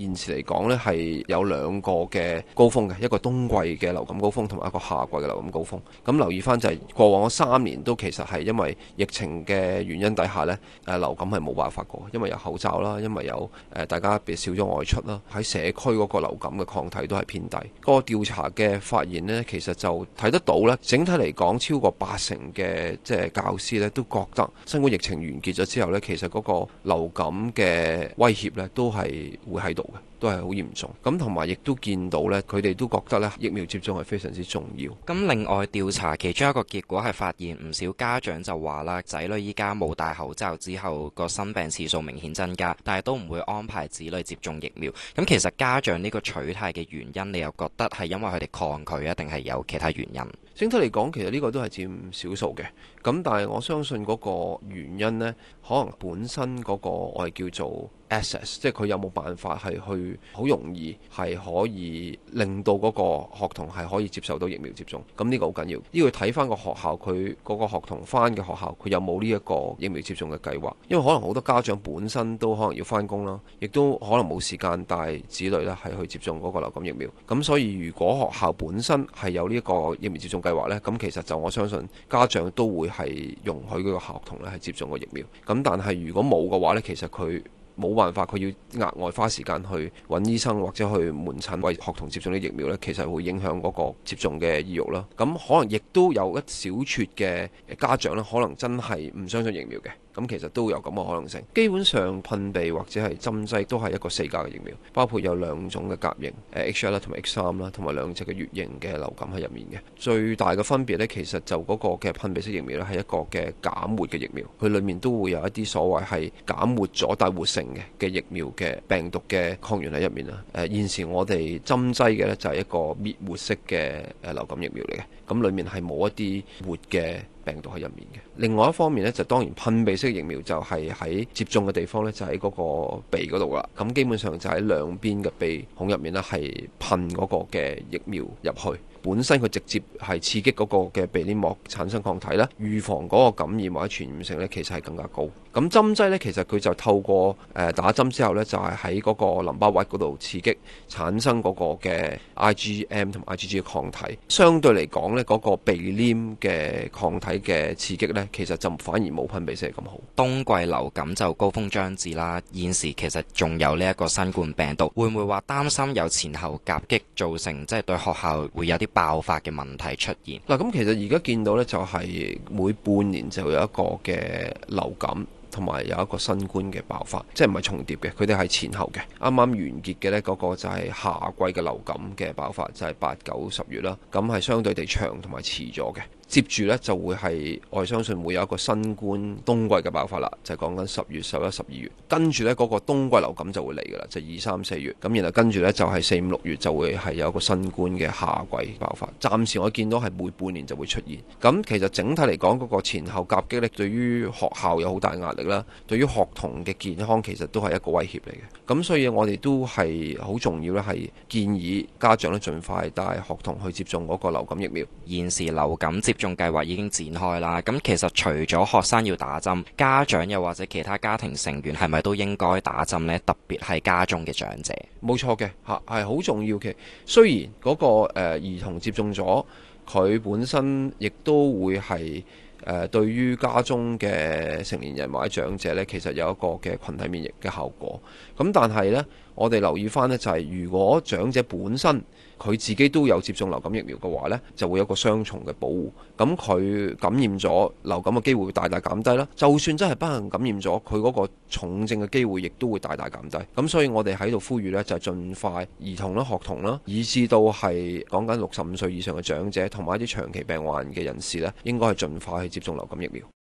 現時嚟講呢係有兩個嘅高峰嘅，一個冬季嘅流感高峰，同埋一個夏季嘅流感高峰。咁留意返就係過往三年都其實係因為疫情嘅原因底下呢，誒流感係冇辦法過，因為有口罩啦，因為有誒大家別少咗外出啦，喺社區嗰個流感嘅抗體都係偏低。個調查嘅發現呢，其實就睇得到呢，整體嚟講超過八成嘅即係教師呢，都覺得新冠疫情完結咗之後呢，其實嗰個流感嘅威脅呢，都係會喺度，都係好嚴重，咁同埋亦都見到呢，佢哋都覺得呢，疫苗接種係非常之重要。咁另外調查其中一個結果係發現，唔少家長就話啦，仔女依家冇戴口罩之後，個生病次數明顯增加，但係都唔會安排子女接種疫苗。咁其實家長呢個取態嘅原因，你又覺得係因為佢哋抗拒啊，定係有其他原因？整體嚟講，其實呢個都係佔少數嘅。咁但係我相信嗰個原因呢，可能本身嗰個我係叫做。access 即係佢有冇辦法係去好容易係可以令到嗰個學童係可以接受到疫苗接種，咁呢個好緊要。呢個睇返個學校佢嗰個學童返嘅學校佢有冇呢一個疫苗接種嘅計劃，因為可能好多家長本身都可能要返工啦，亦都可能冇時間帶子女咧係去接種嗰個流感疫苗。咁所以如果學校本身係有呢一個疫苗接種計劃呢，咁其實就我相信家長都會係容許嗰個學童咧係接種個疫苗。咁但係如果冇嘅話呢，其實佢冇辦法，佢要額外花時間去揾醫生或者去門診為學童接種啲疫苗呢，其實會影響嗰個接種嘅意欲啦。咁可能亦都有一小撮嘅家長呢，可能真係唔相信疫苗嘅，咁其實都有咁嘅可能性。基本上噴鼻或者係針劑都係一個四價嘅疫苗，包括有兩種嘅甲型 H1 啦同埋 h 三啦，同埋兩隻嘅乙型嘅流感喺入面嘅。最大嘅分別呢，其實就嗰個嘅噴鼻式疫苗呢係一個嘅減活嘅疫苗，佢裡面都會有一啲所謂係減活咗但活性。嘅疫苗嘅病毒嘅抗原喺入面啦。誒現時我哋針劑嘅呢就係一個滅活式嘅誒流感疫苗嚟嘅，咁裏面係冇一啲活嘅病毒喺入面嘅。另外一方面呢，就當然噴鼻式疫苗就係喺接種嘅地方呢，就喺、是、嗰個鼻嗰度啦。咁基本上就喺兩邊嘅鼻孔入面呢，係噴嗰個嘅疫苗入去。本身佢直接係刺激嗰個嘅鼻黏膜產生抗體啦，預防嗰個感染或者傳染性咧，其實係更加高。咁針劑咧，其實佢就透過誒打針之後咧，就係喺嗰個淋巴結嗰度刺激產生嗰個嘅 IgM 同 IgG 抗體。相對嚟講咧，嗰、嗰個鼻黏嘅抗體嘅刺激咧，其實就反而冇噴鼻劑咁好。冬季流感就高峰將至啦，現時其實仲有呢一個新冠病毒，會唔會話擔心有前後夾擊造成即係、即係、對學校會有啲？爆發嘅問題出現嗱，咁其實而家見到呢，就係每半年就有一個嘅流感，同埋有一個新冠嘅爆發，即係唔係重疊嘅，佢哋係前後嘅。啱啱完結嘅呢，嗰個就係夏季嘅流感嘅爆發，就係八九十月啦，咁係相對地長同埋遲咗嘅。接住呢，就會係，我相信會有一個新冠冬季嘅爆發啦，就係講緊十月、十一、十二月。跟住呢嗰個冬季流感就會嚟噶啦，就二三四月。咁然後跟住呢，就係四五六月就會係有一個新冠嘅夏季爆發。暫時我見到係每半年就會出現。咁其實整體嚟講，嗰個前後夾擊力對於學校有好大壓力啦，對於學童嘅健康其實都係一個威脅嚟嘅。咁所以我哋都係好重要呢，係建議家長呢盡快帶學童去接種嗰個流感疫苗，現時流感接種計劃已經展開啦，咁其實除咗學生要打針，家長又或者其他家庭成員係咪都應該打針咧？特別係家中嘅長者，冇錯嘅吓，係好重要嘅。雖然嗰個誒兒童接種咗，佢本身亦都會係誒對於家中嘅成年人或者長者咧，其實有一個嘅群體免疫嘅效果。咁但係咧。我哋留意翻呢，就係如果長者本身佢自己都有接種流感疫苗嘅話呢，就會有一個雙重嘅保護。咁佢感染咗流感嘅機會大大減低啦。就算真係不幸感染咗，佢嗰個重症嘅機會亦都會大大減低。咁所以我哋喺度呼籲呢，就係盡快兒童啦、學童啦，以至到係講緊六十五歲以上嘅長者，同埋一啲長期病患嘅人士呢，應該係盡快去接種流感疫苗。